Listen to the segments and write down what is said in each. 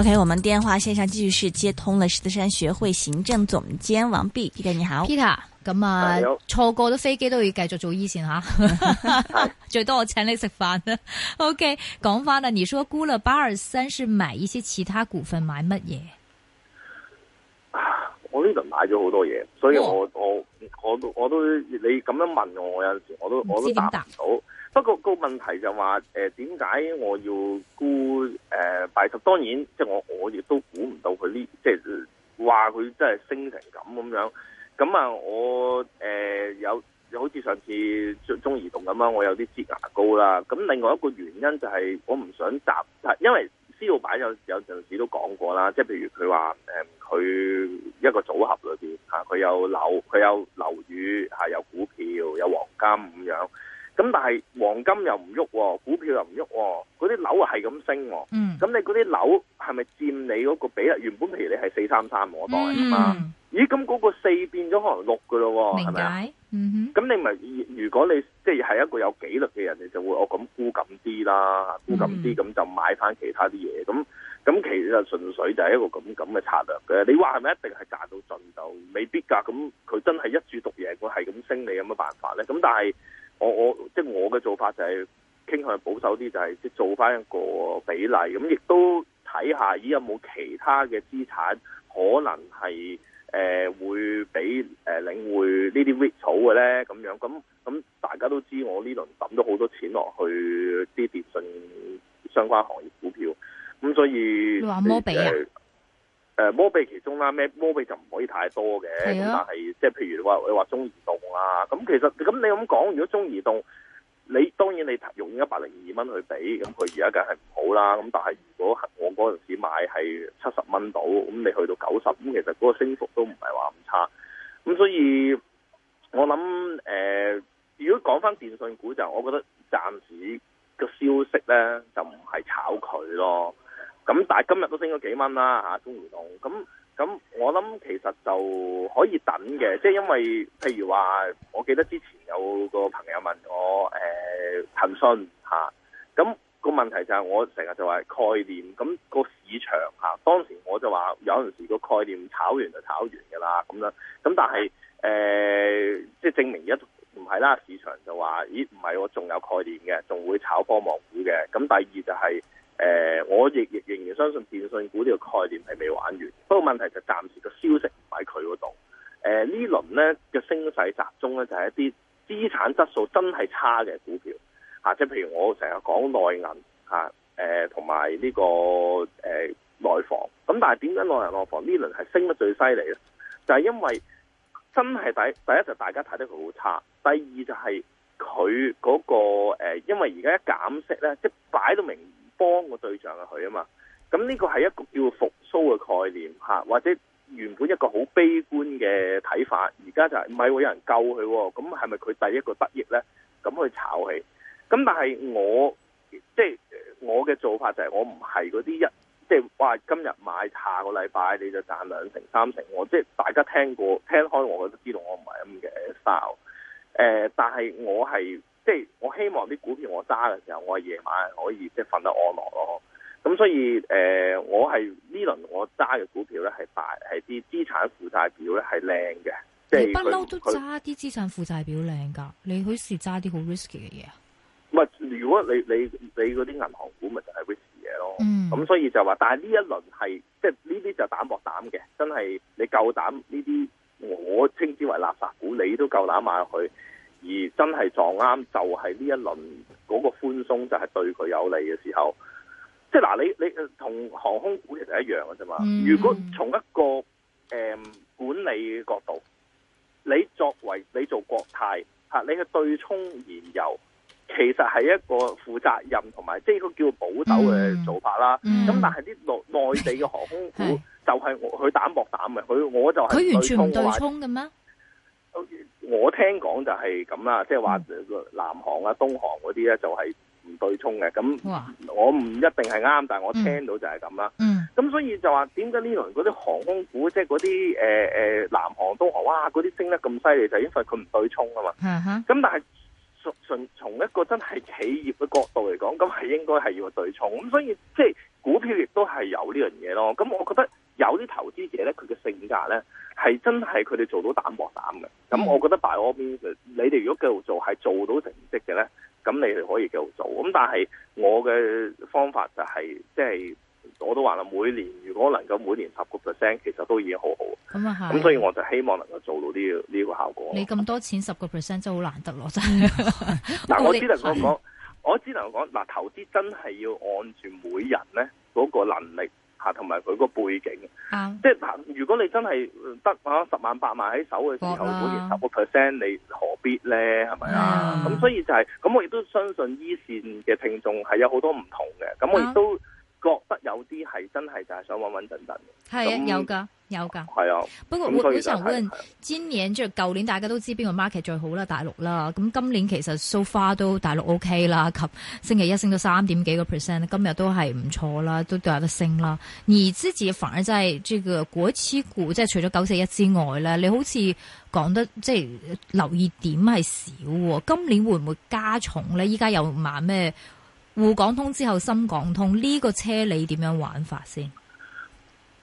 O、okay, K，我們電話線上繼續是接通了獅子山學會行政總監王弼 Peter 你好，Peter 咁啊錯過咗飛機都要繼續做醫生吓， 是 最多我請你食飯啦。O K，講翻啦，你說估了八二三是買一些其他股份，買乜嘢？我呢度買咗好多嘢，所以我我我,我都我都你咁樣問我，我有陣時我都么我都答到。不過個問題就話，誒，點解我要沽誒、呃，拜託，當然即係、就是、我我亦都估唔到佢呢，即係話佢真係升成咁咁樣，樣。咁啊，我誒、呃、有，好似上次中移動咁啊，我有啲唧牙膏啦。咁另外一個原因就係我唔想集，因為施老闆有有陣時都講過啦，即、就、係、是、譬如佢話，誒、嗯，佢一個組合裏邊吓，佢、啊、有樓，佢有樓宇，吓、啊、有股票，有黃金咁樣。咁但係黃金又唔喐、哦，股票又唔喐、哦，嗰啲樓啊係咁升、哦。喎、嗯。咁你嗰啲樓係咪佔你嗰個比例？原本譬如你係四三三我當係嘛？咦，咁嗰個四變咗可能六噶咯，係咪啊？咁你咪如果你即係一個有紀律嘅人，你就會我咁沽咁啲啦，沽咁啲咁就買翻其他啲嘢。咁、嗯、咁其實純粹就係一個咁咁嘅策略嘅。你話係咪一定係賺到盡就未必噶。咁佢真係一注獨贏，佢係咁升你，你有乜辦法咧？咁但係。我我即係我嘅做法就係傾向保守啲，就係即係做翻一個比例咁，亦都睇下咦有冇其他嘅資產可能係誒、呃、會比誒、呃、領匯呢啲尾草嘅咧咁樣，咁，咁大家都知我呢輪抌咗好多錢落去啲電信相關行業股票，咁所以話冇俾啊？呃誒、呃，摸鼻其中啦，咩摸鼻就唔可以太多嘅。咁但係即係譬如你話你話中移動啦，咁其實咁你咁講，如果中移動，你當然你用一百零二蚊去俾，咁佢而家梗係唔好啦，咁但係如果我嗰陣時買係七十蚊到，咁你去到九十，咁其實嗰個升幅都唔係話唔差，咁所以我諗誒、呃，如果講翻電信股就，我覺得暫時個消息咧就唔係炒佢咯。咁但係今日都升咗幾蚊啦嚇，中移動咁咁，我諗其實就可以等嘅，即係因為譬如話，我記得之前有個朋友問我誒騰訊吓，咁個問題就係我成日就話概念，咁、個市場嚇、啊，當時我就話有陣時個概念炒完就炒完嘅啦咁咁，但係誒、呃、即係證明一唔係啦，市場就話咦唔係我仲有概念嘅，仲會炒科網股嘅，咁第二就係、是、誒。呃我亦仍然相信電訊股呢個概念係未玩完的，不過問題就是暫時個消息唔喺佢嗰度。誒、呃，這輪呢輪咧嘅升勢集中咧就係、是、一啲資產質素真係差嘅股票，吓、啊，即係譬如我成日講內銀吓，誒、啊，同埋呢個誒、呃、內房。咁但係點解內銀、內房呢輪係升得最犀利咧？就係、是、因為真係第一第一就是大家睇得佢好差，第二就係佢嗰個誒、呃，因為而家一減息咧，即係擺到明。幫個對象啊佢啊嘛，咁呢個係一個叫「復甦」嘅概念嚇，或者原本一個好悲觀嘅睇法，而家就係唔係會有人救佢？咁係咪佢第一個得益呢？咁去炒起。咁但係我即係我嘅做法就係我唔係嗰啲一，即係話今日買下個禮拜你就賺兩成三成我，我即係大家聽過聽開我都知道我唔係咁嘅 style，誒、呃，但係我係。即係我希望啲股票我揸嘅時候，我夜晚可以即係瞓得安樂咯。咁所以誒、呃，我係呢輪我揸嘅股票咧，係大係啲資產負債表咧係靚嘅。你不嬲都揸啲資產負債表靚噶？你好似揸啲好 risk 嘅嘢啊？唔係，如果你你你嗰啲銀行股咪就係 risk 嘢咯。嗯。咁所以就話，但係呢一輪係即係呢啲就膽薄膽嘅，真係你夠膽呢啲我稱之為垃圾股，你都夠膽買入去。而真係撞啱就係、是、呢一輪嗰個寬鬆就係、是、對佢有利嘅時候，即係嗱、啊、你你同航空股其實一樣㗎啫嘛。如果從一個誒、嗯、管理嘅角度，你作為你做國泰吓、啊，你嘅對沖燃油其實係一個負責任同埋即係一個叫保守嘅做法啦。咁、嗯嗯、但係啲內內地嘅航空股 就係佢膽薄膽嘅，佢我就佢完全唔對沖嘅咩？我聽講就係咁啦，即係話南航啊、東航嗰啲咧就係唔對沖嘅。咁我唔一定係啱，但係我聽到就係咁啦。咁、嗯嗯、所以就話點解呢輪嗰啲航空股，即係嗰啲誒誒南航、東航，哇嗰啲升得咁犀利，就係、因為佢唔對沖啊嘛。咁、嗯嗯、但係純，純從一個真係企業嘅角度嚟講，咁係應該係要對沖。咁所以即係、就係、股票亦都係有呢樣嘢咯。咁我覺得。有啲投資者咧，佢嘅性格咧係真係佢哋做到膽薄膽嘅。咁、嗯、我覺得 by all means 你哋如果繼續做係做到成績嘅咧，咁你哋可以繼續做。咁但係我嘅方法就係即係我都話啦，每年如果能夠每年十個 percent，其實都已經好好。咁啊、就是，咁所以我就希望能夠做到呢、呢個呢、呢個效果。你咁多錢十個 percent 真係好難得咯，真係。嗱、 okay， 我只能講， 我只能講，嗱，投資真係要按住每人咧嗰個能力。同埋佢個背景，啊、即係如果你真係得啊十萬八萬喺手嘅時候，啊、每年十個 percent，你何必咧？係咪啊？咁、啊、所以就係、係，咁我亦都相信依線嘅聽眾係有好多唔同嘅，咁我亦都覺得有啲係真係就係想穩穩陣陣，係啊，有噶。有噶，係、嗯、啊。不過我想問今年，即係舊年大家都知邊個 market 最好啦，大陸啦。咁今年其實 so far 都大陸 OK 啦，及星期一升到三點幾個 percent，今日都係唔錯啦，都都有得升啦。而之前反而即係這個國企股，即、就、係、是、除咗九四一之外咧，你好似講得即係、就是、留意點係少。今年會唔會加重咧？依家又買咩？滬港通之後深港通呢、這個車，你點樣玩法先？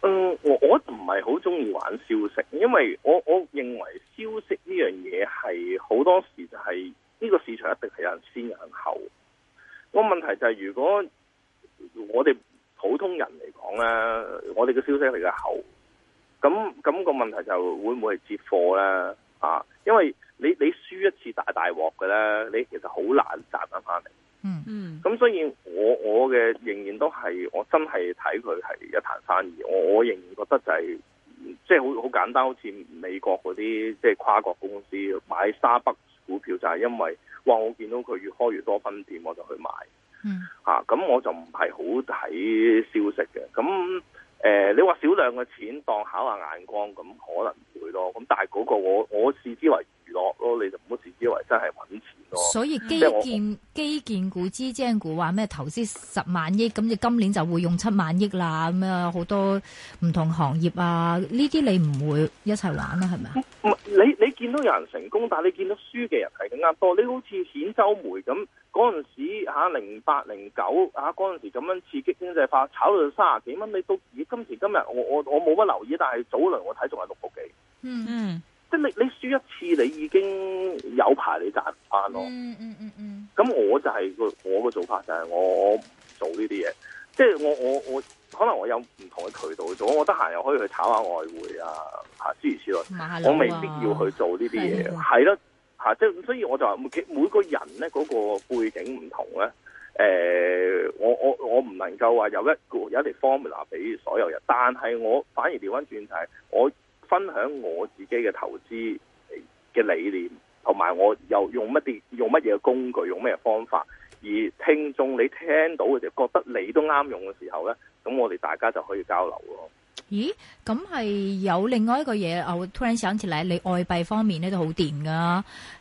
嗯，我我唔係好中意玩消息，因為我我認為消息呢樣嘢係好多時就係呢個市場一定係有人先、有人後。個問題就係如果我哋普通人嚟講咧，我哋嘅消息係嘅後，咁咁個問題就會唔會係接貨咧？啊，因為你你輸一次大大鑊嘅咧，你其實好難賺返嚟。嗯嗯，咁、嗯、所以我我嘅仍然都係我真係睇佢係一壇生意，我我仍然覺得就係即係好好簡單，好似美國嗰啲即係跨國公司買 Starbucks 股票就係因為哇，我見到佢越開越多分店，我就去買。嗯，吓、啊、咁我就唔係好睇消息嘅咁。誒、呃，你話少量嘅錢當考下眼光，咁可能會咯。咁但係嗰個我我視之為娛樂咯，你就唔好視之為真係揾錢咯。所以基建基建股之精股話咩投資十萬億，咁你今年就會用七萬億啦。咁啊好多唔同行業啊，呢啲你唔會一齊玩啦，係咪啊？你你見到有人成功，但係你見到輸嘅人係更加多。你好似顯周梅咁嗰陣時吓零八零九吓嗰陣時咁樣刺激經濟化，炒到三十幾蚊。你到今時今日，我我我冇乜留意，但係早輪我睇仲係六毫幾。嗯嗯，即係你你輸一次，你已經有排你賺唔翻咯。嗯嗯嗯嗯，咁、嗯、我就係、是、個我嘅做法就係我做呢啲嘢。即係我我我可能我有唔同嘅渠道去做，我得閒又可以去炒下外匯啊，嚇諸如此類。我未必要去做呢啲嘢，係咯嚇。即係所以我就話每每個人咧，嗰，那個背景唔同咧，誒、欸、我我我唔能夠話有一個有一啲 formula 俾所有人，但係我反而調翻轉就係我分享我自己嘅投資嘅理念。同埋我又用乜啲用乜嘢工具，用咩方法？而聽眾你聽到嘅時候，覺得你都啱用嘅時候咧，咁我哋大家就可以交流咯。咦？咁係有另外一個嘢啊！我突然想起嚟，你外幣方面咧都好掂噶。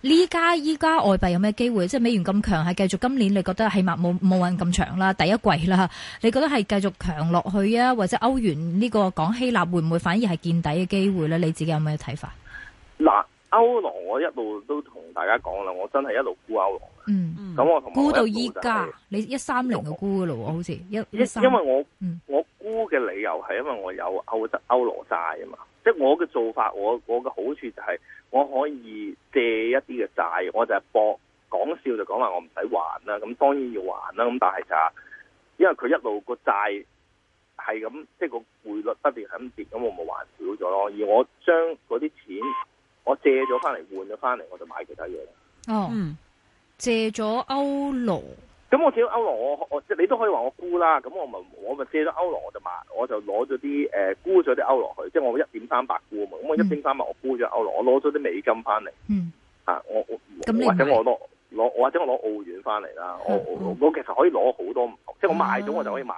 呢家依家外幣有咩機會？即係美元咁強，係繼續今年你覺得起碼冇冇運咁長啦，第一季啦。你覺得係繼續強落去啊？或者歐元呢個講希臘會唔會反而係見底嘅機會咧？你自己有咩睇法？嗱。歐羅我，我、嗯、我，我一路都同大家講啦，我真係一路沽歐羅嘅。嗯，咁我同沽到依家，你一三零就沽嘅咯，好似一一因為我、嗯、我沽嘅理由係因為我有歐歐羅債啊嘛，即係我嘅做法，我我嘅好處就係、是、我可以借一啲嘅債，我就係博講笑就講話我唔使還啦，咁當然要還啦，咁但係就是、因為佢一路個債係咁，即係個匯率不斷咁跌，咁我咪還少咗咯，而我將嗰啲錢。我借咗翻嚟換咗翻嚟，我就買其他嘢咯。哦，借咗歐羅，咁我借咗歐羅，我我即係你都可以話我沽啦。咁我咪我咪借咗歐羅，我就買，我就攞咗啲誒沽咗啲歐羅去，即係我一點三百沽啊嘛。咁我一點三百，我沽咗歐羅，我攞咗啲美金翻嚟。嗯，我我或者我攞攞或者我攞澳元翻嚟啦。我、嗯啊、我我,、嗯、我,我,我,我,我,我,我,我其實可以攞好多唔同、啊，即係我賣咗我就可以買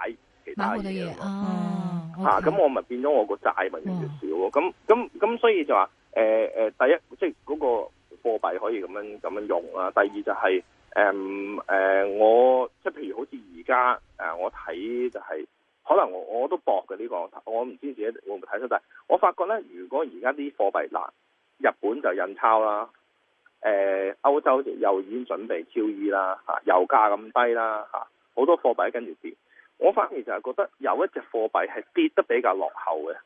其他嘢啊吓，咁我咪、啊啊 okay. 啊、變咗我個債咪越少咯。咁咁咁，所以就話。誒、呃、誒，第一即係嗰個貨幣可以咁樣咁樣用啦、啊。第二就係誒誒，我即係譬如好似而家誒，我睇就係、是、可能我我都搏嘅呢個，我唔知自己會唔會睇出。但係我發覺咧，如果而家啲貨幣，嗱，日本就印鈔啦，誒、呃，歐洲就又已經準備 QE 啦，吓，油價咁低啦，吓，好多貨幣跟住跌。我反而就係覺得有一隻貨幣係跌得比較落後嘅。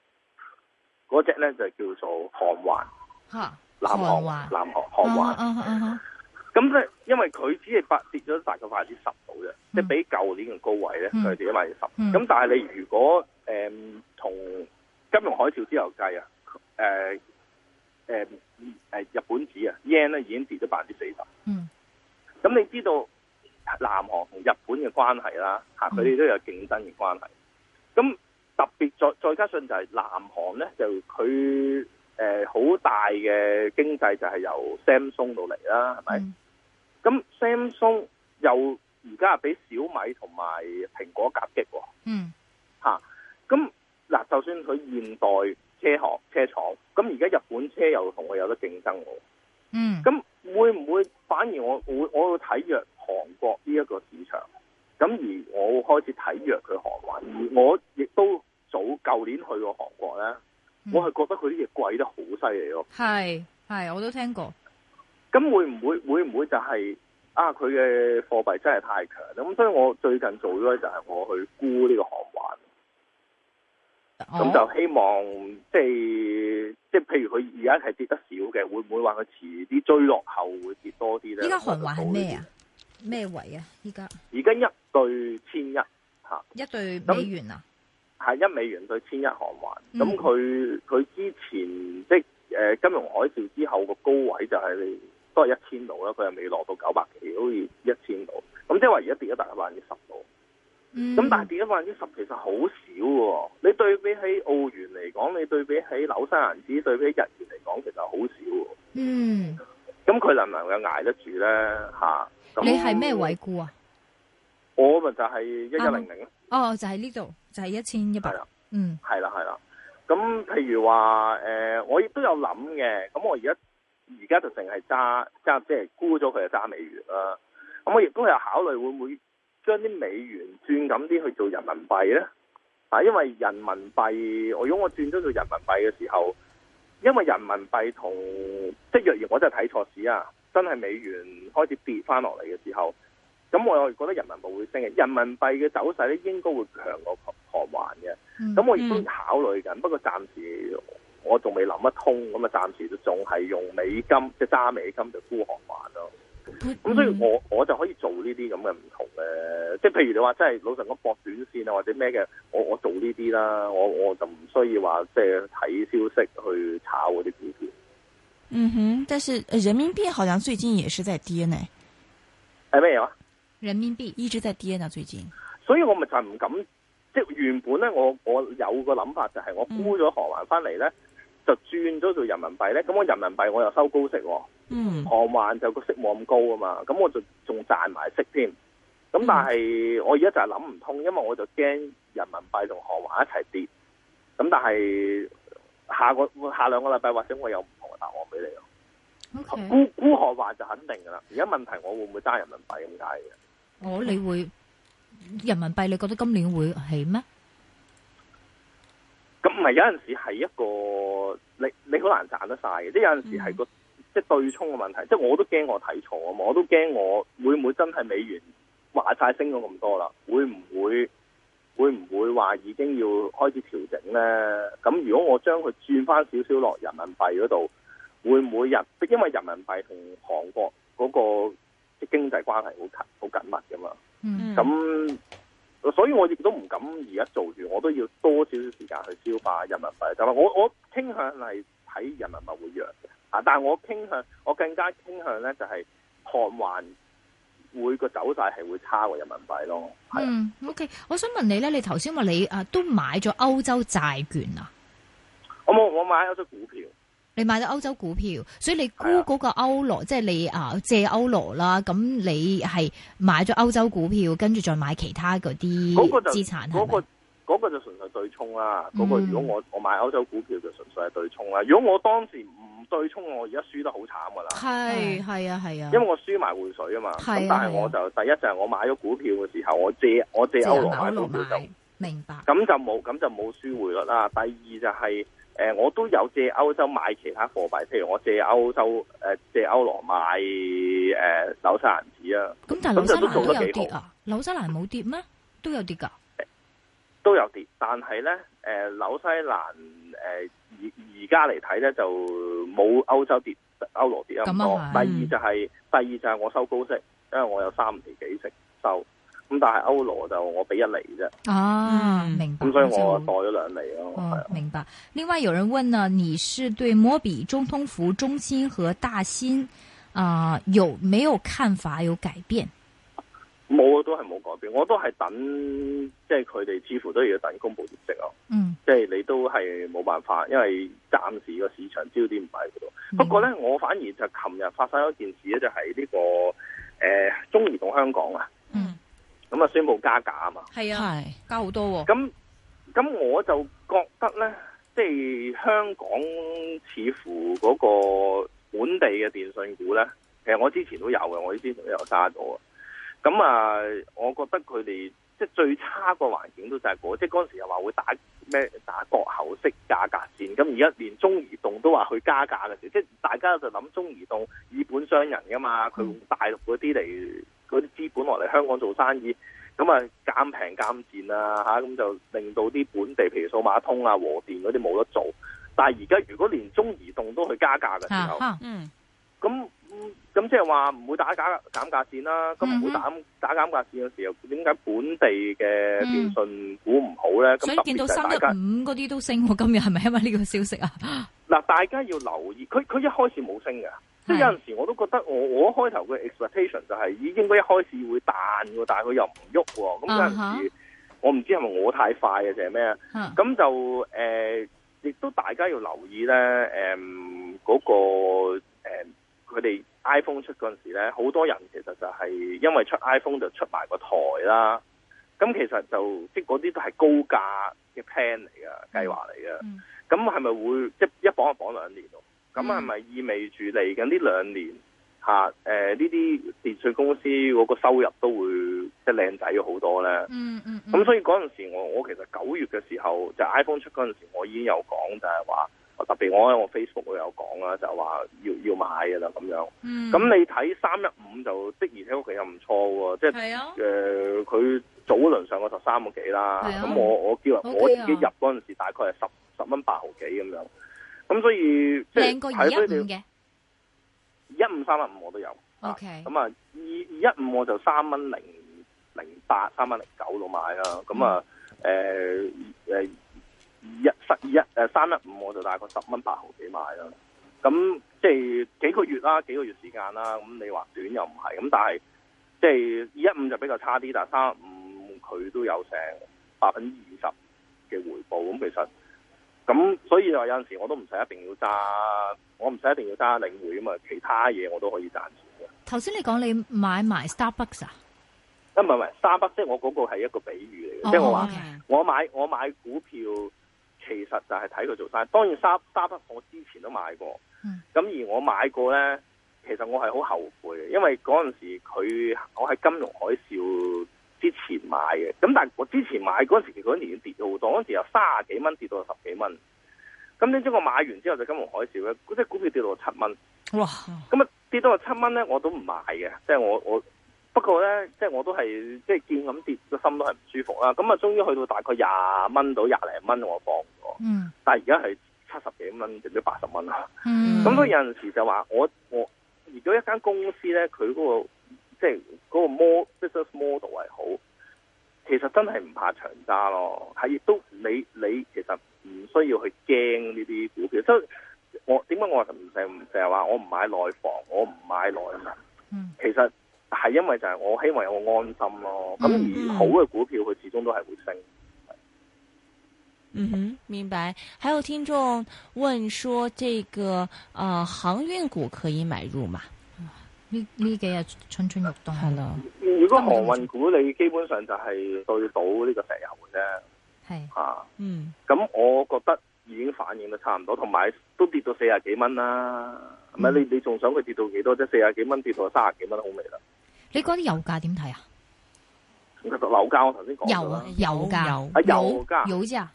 嗰隻咧就叫做韓圜，嚇，南韓圜，南韓韓圜，咁、啊、咧、啊，因為佢只係跌跌咗大概百分之十度啫，即、嗯、係、就是、比舊年嘅高位咧，佢跌咗百分之十。咁但係你如果誒同、嗯嗯嗯嗯、金融海嘯之後計啊，誒誒誒日本紙啊，yen 咧已經跌咗百分之四十。嗯。咁你知道南韓同日本嘅關係啦，嚇，佢哋都有競爭嘅關係。咁、嗯嗯特別再再加上就係南韓咧，就佢誒好大嘅經濟就係由 Samsung 到嚟啦，係咪？咁 Samsung 又而家係俾小米同埋蘋果夾擊，嗯，吓咁嗱，就算佢現代車行車廠，咁而家日本車又同佢有得競爭，嗯，咁會唔會反而我我我會睇弱韓國呢一個市場，咁而我開始睇弱佢韓華，而我亦都。早舊年去過韓國咧，嗯，我係覺得佢啲嘢貴得好犀利咯。係係，我都聽過。咁會唔會會唔會就係、是、啊？佢嘅貨幣真係太強。咁所以我最近做咗就係我去沽呢個韓環。咁、哦、就希望即係即係，譬如佢而家係跌得少嘅，會唔會話佢遲啲追落後會跌多啲咧？依家韓環係咩啊？咩位啊？依家？而家一兌千一吓，一兌美元啊？係一美元兌千一韓圜。咁佢佢之前即係誒金融海嘯之後個高位就係、你、都係一千度啦，佢又未落到九百幾，好似一千度。咁即係話而家跌咗大概百分之十度，咁但係跌咗百分之十其實好少。你對比起澳元嚟講，你對比起紐西蘭紙對比日元嚟講，其實好少。嗯，咁佢能唔能夠捱得住咧？嚇、啊，你係咩位顧啊？我咪就係一一零零哦，就喺呢度，就係一千一百，嗯，係啦係啦。咁譬如話誒、呃，我亦都有諗嘅。咁我而家而家就淨係揸揸即係沽咗佢嘅揸美元啦。咁我亦都有考慮會唔會將啲美元轉咁啲去做人民幣咧？啊，因為人民幣，我如果我轉咗做人民幣嘅時候，因為人民幣同即係若然我真係睇錯市啊，真係美元開始跌翻落嚟嘅時候。咁、嗯、我又覺得人民幣會升嘅，人民幣嘅走勢咧應該會強過韓韓環嘅。咁、嗯、我亦都考慮緊、嗯，不過暫時我仲未諗得通，咁啊暫時都仲係用美金，即係揸美金就沽韓環咯。咁、嗯嗯、所以我我就可以做呢啲咁嘅唔同嘅，即係譬如你話真係老實講博短線啊或者咩嘅，我我做呢啲啦。我我就唔需要話即係睇消息去炒嗰啲股票。嗯哼，但是人民幣好像最近也是在跌呢。係咩？有。人民幣一直在跌呢最近，所以我咪就唔敢，即係原本呢，我我有個諗法就係我沽咗韓環翻嚟呢，就轉咗做人民幣呢。咁我人民幣我又收高息、哦，嗯，韓環就個息冇咁高啊嘛，咁我就仲賺埋息添，咁但係我而家就係諗唔通，因為我就驚人民幣同韓環一齊跌，咁但係下個下兩個禮拜，或者我有唔同嘅答案俾你啊，沽沽韓環就肯定噶啦，而家問題我會唔會揸人民幣咁解嘅？我、哦、你會人民幣你覺得今年會係咩？咁唔係有陣時係一個你你好難賺得晒嘅，mm -hmm. 即係有陣時係個即係對沖嘅問題，即係我都驚我睇錯啊嘛，我都驚我會唔會真係美元話晒升咗咁多啦？會唔會會唔會話已經要開始調整咧？咁如果我將佢轉翻少少落人民幣嗰度，會唔會因為人民幣同韓國嗰、嗰個。經濟關係好緊好緊密噶嘛，咁、mm -hmm. 所以我亦都唔敢而家做住，我都要多少少時間去消化人民幣，就係。但我我傾向係睇人民幣會弱吓，但係我傾向我更加傾向咧就係韓圜會個走勢係會差過人民幣咯。Mm -hmm. o、okay. k 我想問你咧，你頭先話你啊都買咗歐洲債券啊？我冇，我買歐洲股票。你買咗歐洲股票，所以你沽嗰個歐羅、啊，即係你啊借歐羅啦。咁你係買咗歐洲股票，跟住再買其他嗰啲資產。嗰個嗰個就純、那個那個、粹對沖啦。嗰個如果我我買歐洲股票就純粹係對沖啦。如果我當時唔對沖，我而家輸得好慘噶啦。係係啊係啊。因為我輸埋匯水啊嘛。咁、啊、但係我就是、啊、第一就係我買咗股票嘅時候，我借我借歐羅喺股票買買明白。咁就冇咁就冇輸回率啦。第二就係、是。誒、呃，我都有借歐洲買其他貨幣，譬如我借歐洲誒、呃、借歐羅買誒紐、呃、西蘭紙啊。咁但係紐西蘭、啊、都有跌啊？紐西蘭冇跌咩？都有跌噶都有跌。但係咧，誒、呃、紐西蘭誒而而家嚟睇咧，就冇歐洲跌，歐羅跌咁、啊、多。第二就係、是嗯、第二就係我收高息，因為我有三年幾息收。咁但係歐羅就我俾一厘啫，啊，明白，咁所以我代咗兩厘咯，哦、啊、哦。明白。另外有人問呢，你是對摩比、中通服中心和大新啊、呃、有沒有看法有改變？冇，都係冇改變，我都係等，即係佢哋似乎都要等公布業績咯。嗯，即係你都係冇辦法，因為暫時個市場焦點唔喺嗰度。不過咧，我反而就琴日發生咗一件事咧、這個，就係呢個誒中移動香港啊，嗯。咁啊，宣布加價啊嘛，係啊，加好多喎、哦。咁咁我就覺得咧，即係香港似乎嗰個本地嘅電訊股咧，其實我之前都有嘅，我之前都有揸咗。咁啊，我覺得佢哋即係最差個環境都就係嗰、那個，即係嗰陣時又話會打咩打國口式加價格戰。咁而家連中移動都話去加價嘅時，即係大家就諗中移動以本傷人噶嘛，佢用大陸嗰啲嚟。嗯嗰啲資本落嚟香港做生意，咁啊減平減戰啊嚇，咁就令到啲本地譬如數碼通啊、和電嗰啲冇得做。但係而家如果連中移動都去加價嘅時候，啊啊、嗯，咁咁即係話唔會打減減價戰啦、啊，咁唔會打、嗯、打減價戰嘅時候，點解本地嘅電訊股唔好咧？所以見到三一五嗰啲都升喎，今日係咪因為呢個消息啊？嗱，大家要留意，佢佢一開始冇升嘅。即係有陣時我都覺得我我一開頭嘅 expectation 就係應該一開始會彈，但係佢又唔喐，咁有陣時我唔知係咪我太快啊，定係咩啊？咁、uh -huh. 就誒，亦、呃、都大家要留意咧，誒、呃，嗰、那個誒，佢、呃、哋 iPhone 出嗰陣時咧，好多人其實就係因為出 iPhone 就出埋個台啦。咁其實就即係嗰啲都係高價嘅 plan 嚟嘅計劃嚟嘅。咁係咪會即一綁就綁兩年咯？咁係咪意味住嚟緊呢兩年嚇？誒呢啲電訊公司嗰個收入都會即係靚仔咗好多咧。嗯嗯。咁、嗯、所以嗰陣時，我我其實九月嘅時候，就係、iPhone 出嗰陣時，我已經有講就係話，特別我喺我 Facebook 度有講啦、嗯，就係話要要買嘅啦咁樣。咁你睇三一五就即而喺屋企又唔錯喎，即係誒佢早輪上個十三個幾啦。咁、啊、我我叫、okay、我自己入嗰陣時，大概係十十蚊八毫幾咁樣。咁所以即係，係所以嘅。一五三一五我都有。OK。咁啊，二一五我就三蚊零零八，三蚊零九度買啦。咁啊，誒誒，一十二一誒三一五我就大概十蚊八毫幾買啦。咁即係幾個月啦，幾個月時間啦。咁你話短又唔係。咁但係即係二一五就比較差啲，但係三一五佢都有成百分之二十嘅回報。咁其實。咁所以話有陣時候我都唔使一定要揸，我唔使一定要揸領匯啊嘛，其他嘢我都可以賺錢嘅。頭先你講你買埋 Starbucks 啊？啊唔係唔係，Starbucks 即係我嗰個係一個比喻嚟嘅，即、哦、係、就是、我話、okay，我買我買股票，其實就係睇佢做生意。當然 Starbucks 我之前都買過，咁、嗯、而我買過咧，其實我係好後悔嘅，因為嗰陣時佢我喺金融海嘯。之前買嘅，咁但係我之前買嗰陣時，嗰年跌到好多，當嗰陣時由卅幾蚊跌到十幾蚊，咁點知我買完之後就金融海嘯咧，嗰隻股票跌到七蚊，哇！咁啊跌到七蚊咧，我都唔賣嘅，即係我我不過咧，即係我都係即係見咁跌，個心都係唔舒服啦。咁啊，終於去到大概廿蚊到廿零蚊，我放咗。嗯。但係而家係七十幾蚊，定唔知八十蚊咯。咁所以有陣時就話，我我如果一間公司咧，佢嗰個。即係嗰個模 business model 係好，其實真係唔怕長揸咯，係亦都你你其實唔需要去驚呢啲股票，所以我點解我話唔淨淨係話我唔買內房，我唔買內啊嘛，其實係因為就係我希望有個安心咯，咁而好嘅股票佢始終都係會升。嗯哼、嗯，明白。還有聽眾問說，這個呃航運股可以買入嘛？呢呢幾日蠢蠢欲動係咯。如果航運股，你基本上就係對到呢個石油嘅啫。係啊，嗯。咁我覺得已經反映得差唔多，同埋都跌到四十幾蚊啦。唔、嗯、係你你仲想佢跌到幾多啫？四十幾蚊跌到三十幾蚊好味啦。你嗰啲油價點睇啊？其實樓價我頭先講咗。油啊油價啊油價油啫。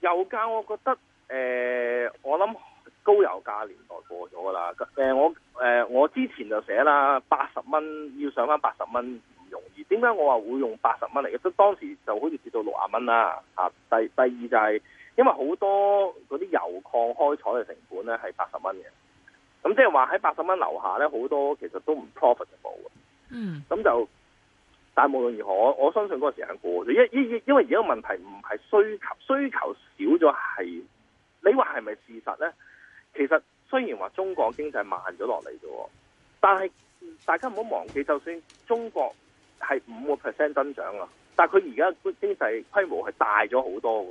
油價我覺得誒、呃，我諗。高油價年代過咗啦，誒、呃、我誒、呃、我之前就寫啦，八十蚊要上返八十蚊唔容易。點解我話會用八十蚊嚟嘅？即當時就好似跌到六十蚊啦，嚇、啊。第第二就係、是、因為好多嗰啲油礦開採嘅成本咧係八十蚊嘅，咁即係話喺八十蚊樓下咧，好多其實都唔 profit 就冇嘅。嗯，咁就但無論如何，我我相信嗰個時間過咗。因因因為而家個問題唔係需求需求少咗，係你話係咪事實咧？其實雖然話中國經濟慢咗落嚟啫，但係大家唔好忘記，就算中國係五個 percent 增長啊，但係佢而家經濟規模係大咗好多噶，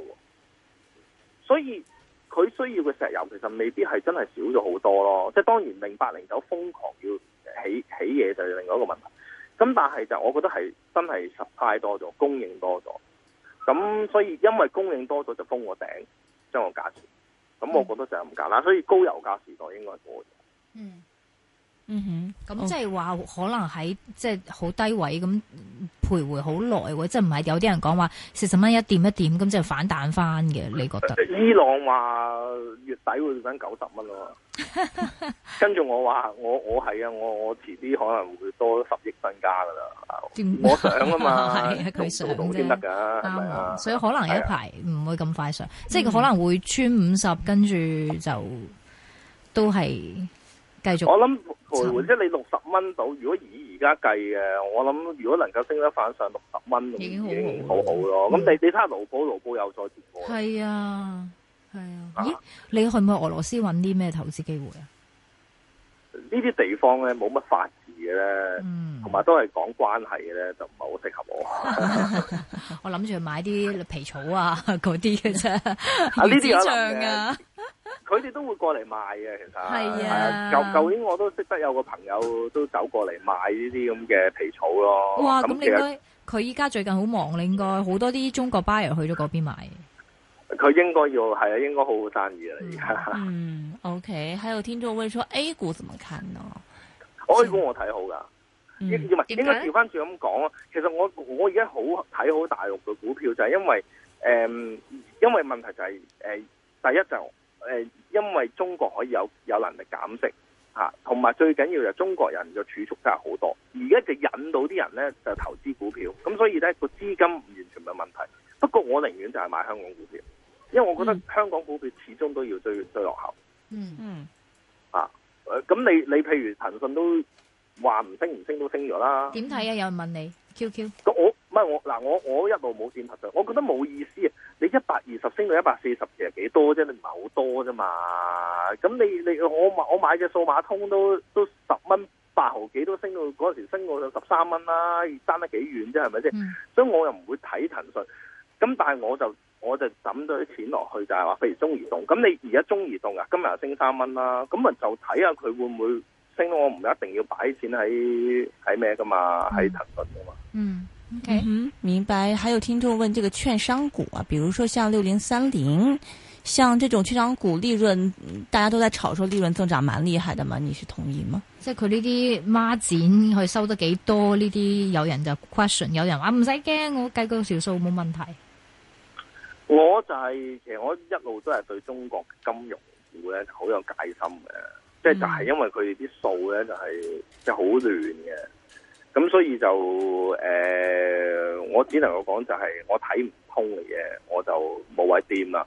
所以佢需要嘅石油其實未必係真係少咗好多咯。即係當然零八零九瘋狂要起起嘢，就係另外一個問題。咁但係就我覺得係真係實太多咗，供應多咗，咁所以因為供應多咗就封個頂，將個價錢。咁、嗯、我覺得就係咁簡單，所以高油價時代應該係過咗。嗯，嗯哼，咁即係話可能喺即係好低位咁徘徊好耐喎，即係唔係有啲人講話四十蚊一點一點咁即係反彈翻嘅？你覺得？啊、伊朗話月底會升九十蚊喎， 跟住我話我我係啊，我我遲啲可能會多十億身家噶啦。我想啊嘛，係 佢、啊、想啫，啱啊，所以可能有一排唔會咁快上，啊、即係佢可能會穿五十，跟住就都係繼續。我諗，即係你六十蚊到，如果以而家計嘅，我諗如果能夠升得反上六十蚊，已經好好咯。咁你你睇下盧布，盧布有再跌過。係啊，係啊。咦，你去唔去俄羅斯搵啲咩投資機會啊？呢啲地方咧冇乜快。咧、嗯，同埋都係講關係嘅咧，就唔係好適合我。哈哈 我諗住買啲皮草啊，嗰啲嘅啫。呢 啲、啊啊啊、有啦，佢 哋都會過嚟賣嘅。其實係啊，舊舊年我都識得有個朋友都走過嚟買呢啲咁嘅皮草咯。哇，咁你應該佢依家最近好忙啦，你應該好多啲中國 buyer 去咗嗰邊買。佢應該要係啊，應該好好生意啊。而家，嗯， 嗯，OK，還有聽眾問說 A 股怎麼看呢？可以我睇好噶、嗯，應該調翻轉咁講咯。其實我我而家好睇好大陸嘅股票，就係、是、因為誒、呃，因為問題就係、是、誒、呃，第一就誒、是呃，因為中國可以有有能力減息吓，同、啊、埋最緊要就中國人嘅儲蓄真係好多，而家就引到啲人咧就是、投資股票，咁所以咧個資金完全冇問題。不過我寧願就係買香港股票，因為我覺得香港股票始終都要追追、嗯、落後。嗯嗯，啊。咁你你譬如騰訊都話唔升唔升都升咗啦？點睇啊？有人問你 QQ。咁我唔係我嗱我我一路冇見騰訊，我覺得冇意思啊！你一百二十升到一百四十，其實幾多啫？你唔係好多啫嘛。咁你你我，我買我買隻數碼通都都十蚊八毫幾都升到嗰陣時升到十三蚊啦，爭得幾遠啫？係咪先？所以我又唔會睇騰訊。咁但係我就。我就抌咗啲錢落去，就係話譬如中移動，咁你而家中移動啊，今日升三蚊啦，咁啊就睇下佢會唔會升，我唔一定要擺錢喺喺咩噶嘛，喺騰訊噶嘛。嗯，嗯，OK，嗯，明白。還有聽眾問，這個券商股啊，比如說像六零三零，像這種券商股利潤，大家都在炒說利潤增長蠻厲害的嘛？你是同意嗎？即係佢呢啲孖展去收得幾多，多？呢啲有人就 question，有人話唔使驚，我計個條數冇問題。我就係、是、其實我一路都係對中國金融股咧好有戒心嘅，即、嗯、係就係、是、因為佢哋啲數咧就係即係好亂嘅，咁、就是、所以就誒、呃、我只能夠講就係我睇唔通嘅嘢，我就冇位掂啦。誒、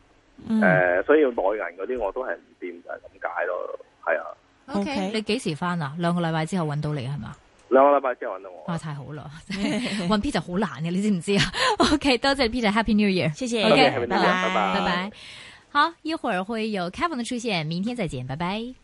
嗯呃，所以要內銀嗰啲我都係唔掂就係咁解咯，係啊。O、okay, K，、okay. 你幾時返啊？兩個禮拜之後搵到你係嘛？是兩個禮拜先完了我。哇、啊！太好啦，揾 Peter 好難嘅， 你知唔知啊？OK， 多謝 Peter Happy New Year，謝謝，OK，拜拜，拜拜，好，一會兒會有 Kevin 的出現，明天再見，拜拜。